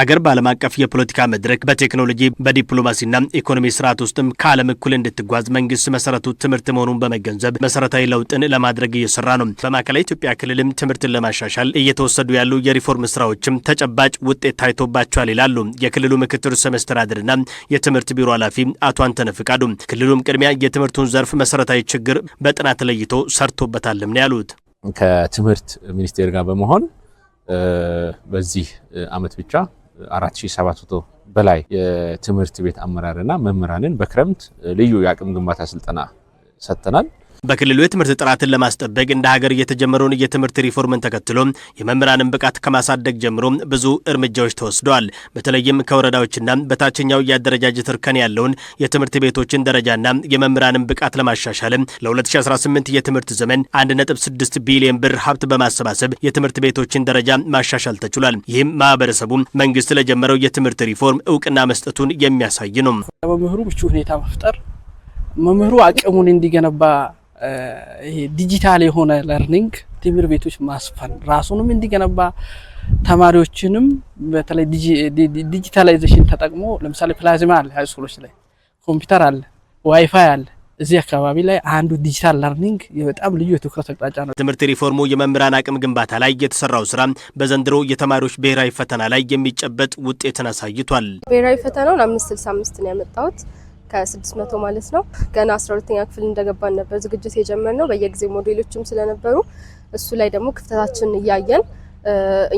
አገር በዓለም አቀፍ የፖለቲካ መድረክ በቴክኖሎጂ በዲፕሎማሲና ኢኮኖሚ ስርዓት ውስጥም ከዓለም እኩል እንድትጓዝ መንግስት መሰረቱ ትምህርት መሆኑን በመገንዘብ መሰረታዊ ለውጥን ለማድረግ እየሰራ ነው። በማዕከላዊ ኢትዮጵያ ክልልም ትምህርትን ለማሻሻል እየተወሰዱ ያሉ የሪፎርም ስራዎችም ተጨባጭ ውጤት ታይቶባቸዋል ይላሉ የክልሉ ምክትል ርዕሰ መስተዳድርና የትምህርት ቢሮ ኃላፊ አቶ አንተነ ፍቃዱ። ክልሉም ቅድሚያ የትምህርቱን ዘርፍ መሰረታዊ ችግር በጥናት ለይቶ ሰርቶበታልም ነው ያሉት። ከትምህርት ሚኒስቴር ጋር በመሆን በዚህ አመት ብቻ 4700 በላይ የትምህርት ቤት አመራርና መምህራንን በክረምት ልዩ የአቅም ግንባታ ስልጠና ሰጥተናል። በክልሉ የትምህርት ጥራትን ለማስጠበቅ እንደ ሀገር እየተጀመረውን የትምህርት ሪፎርምን ተከትሎ የመምህራንን ብቃት ከማሳደግ ጀምሮ ብዙ እርምጃዎች ተወስደዋል። በተለይም ከወረዳዎችና በታችኛው የአደረጃጀት እርከን ያለውን የትምህርት ቤቶችን ደረጃና የመምህራንን ብቃት ለማሻሻል ለ2018 የትምህርት ዘመን 1.6 ቢሊዮን ብር ሀብት በማሰባሰብ የትምህርት ቤቶችን ደረጃ ማሻሻል ተችሏል። ይህም ማህበረሰቡ መንግስት ለጀመረው የትምህርት ሪፎርም እውቅና መስጠቱን የሚያሳይ ነው። መምህሩ ምቹ ሁኔታ መፍጠር መምህሩ አቅሙን እንዲገነባ ዲጂታል የሆነ ለርኒንግ ትምህርት ቤቶች ማስፈን ራሱንም እንዲገነባ ተማሪዎችንም በተለይ ዲጂታላይዜሽን ተጠቅሞ ለምሳሌ ፕላዝማ አለ፣ ሃይስኩሎች ላይ ኮምፒውተር አለ፣ ዋይፋይ አለ። እዚህ አካባቢ ላይ አንዱ ዲጂታል ለርኒንግ በጣም ልዩ የትኩረት አቅጣጫ ነው። ትምህርት ሪፎርሙ የመምህራን አቅም ግንባታ ላይ የተሰራው ስራ በዘንድሮ የተማሪዎች ብሔራዊ ፈተና ላይ የሚጨበጥ ውጤትን አሳይቷል። ብሔራዊ ፈተናውን አምስት ስልሳ አምስት ነው ያመጣሁት ከስድስት መቶ ማለት ነው። ገና አስራ ሁለተኛ ክፍል እንደገባን ነበር ዝግጅት የጀመርነው በየጊዜው ሞዴሎችም ስለነበሩ እሱ ላይ ደግሞ ክፍተታችን እያየን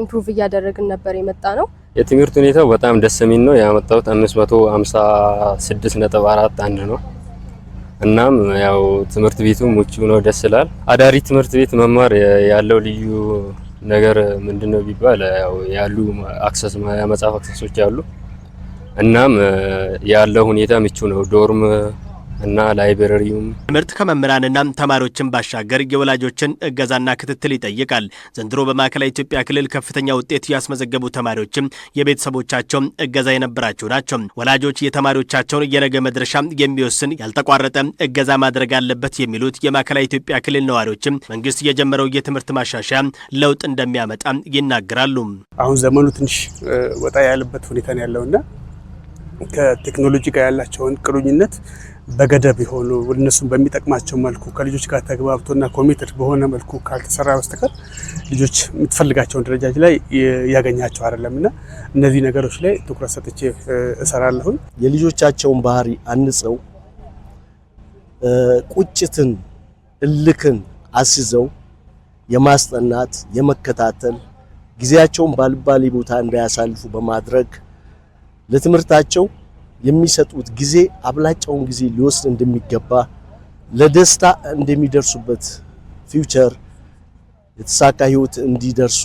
ኢምፕሩቭ እያደረግን ነበር የመጣ ነው። የትምህርት ሁኔታው በጣም ደስ የሚል ነው። ያመጣሁት 556 ነጥብ አራት አንድ ነው። እናም ያው ትምህርት ቤቱም ምቹ ነው፣ ደስ ይላል። አዳሪ ትምህርት ቤት መማር ያለው ልዩ ነገር ምንድነው ቢባል ያው ያሉ አክሰስ መጽሐፍ አክሰሶች አሉ እናም ያለው ሁኔታ ምቹ ነው። ዶርም እና ላይብረሪውም ትምህርት ከመምህራንና ተማሪዎችን ባሻገር የወላጆችን እገዛና ክትትል ይጠይቃል። ዘንድሮ በማዕከላዊ ኢትዮጵያ ክልል ከፍተኛ ውጤት ያስመዘገቡ ተማሪዎችም የቤተሰቦቻቸው እገዛ የነበራቸው ናቸው። ወላጆች የተማሪዎቻቸውን የነገ መድረሻ የሚወስን ያልተቋረጠ እገዛ ማድረግ አለበት የሚሉት የማዕከላዊ ኢትዮጵያ ክልል ነዋሪዎችም መንግስት የጀመረው የትምህርት ማሻሻያ ለውጥ እንደሚያመጣ ይናገራሉ። አሁን ዘመኑ ትንሽ ወጣ ያለበት ሁኔታ ነው ያለውና ከቴክኖሎጂ ጋር ያላቸውን ቅሩኝነት በገደብ የሆኑ እነሱን በሚጠቅማቸው መልኩ ከልጆች ጋር ተግባብቶና ኮሚትድ በሆነ መልኩ ካልተሰራ በስተቀር ልጆች የምትፈልጋቸውን ደረጃች ላይ ያገኛቸው አይደለም እና እነዚህ ነገሮች ላይ ትኩረት ሰጥቼ እሰራለሁኝ። የልጆቻቸውን ባህሪ አንጸው ቁጭትን፣ እልክን አስይዘው የማስጠናት የመከታተል ጊዜያቸውን ባልባሌ ቦታ እንዳያሳልፉ በማድረግ ለትምህርታቸው የሚሰጡት ጊዜ አብላጫውን ጊዜ ሊወስድ እንደሚገባ ለደስታ እንደሚደርሱበት ፊውቸር የተሳካ ህይወት እንዲደርሱ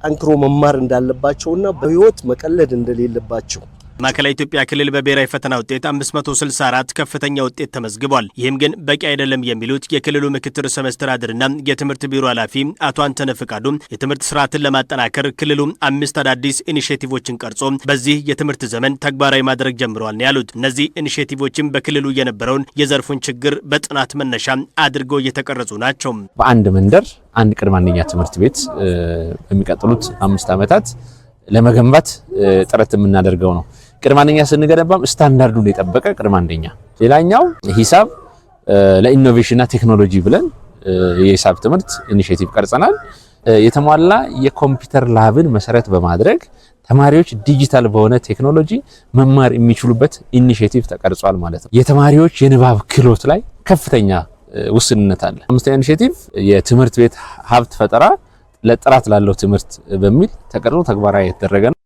ጠንክሮ መማር እንዳለባቸውና በህይወት መቀለድ እንደሌለባቸው ማዕከላዊ ኢትዮጵያ ክልል በብሔራዊ ፈተና ውጤት 564 ከፍተኛ ውጤት ተመዝግቧል። ይህም ግን በቂ አይደለም የሚሉት የክልሉ ምክትል ርዕሰ መስተዳድርና የትምህርት ቢሮ ኃላፊ አቶ አንተነ ፍቃዱ የትምህርት ስርዓትን ለማጠናከር ክልሉ አምስት አዳዲስ ኢኒሽቲቮችን ቀርጾ በዚህ የትምህርት ዘመን ተግባራዊ ማድረግ ጀምረዋል ነው ያሉት። እነዚህ ኢኒሽቲቮችን በክልሉ የነበረውን የዘርፉን ችግር በጥናት መነሻ አድርገው እየተቀረጹ ናቸው። በአንድ መንደር አንድ ቅድመ አንደኛ ትምህርት ቤት በሚቀጥሉት አምስት ዓመታት ለመገንባት ጥረት የምናደርገው ነው። ቅድመ አንደኛ ስንገነባም ስታንዳርዱን የጠበቀ ቅድመ አንደኛ። ሌላኛው ሂሳብ ለኢኖቬሽን እና ቴክኖሎጂ ብለን የሂሳብ ትምህርት ኢኒሼቲቭ ቀርጸናል። የተሟላ የኮምፒውተር ላብን መሰረት በማድረግ ተማሪዎች ዲጂታል በሆነ ቴክኖሎጂ መማር የሚችሉበት ኢኒሽቲቭ ተቀርጿል ማለት ነው። የተማሪዎች የንባብ ክህሎት ላይ ከፍተኛ ውስንነት አለ። አምስተኛ ኢኒሼቲቭ የትምህርት ቤት ሀብት ፈጠራ ለጥራት ላለው ትምህርት በሚል ተቀርጾ ተግባራዊ የተደረገ ነው።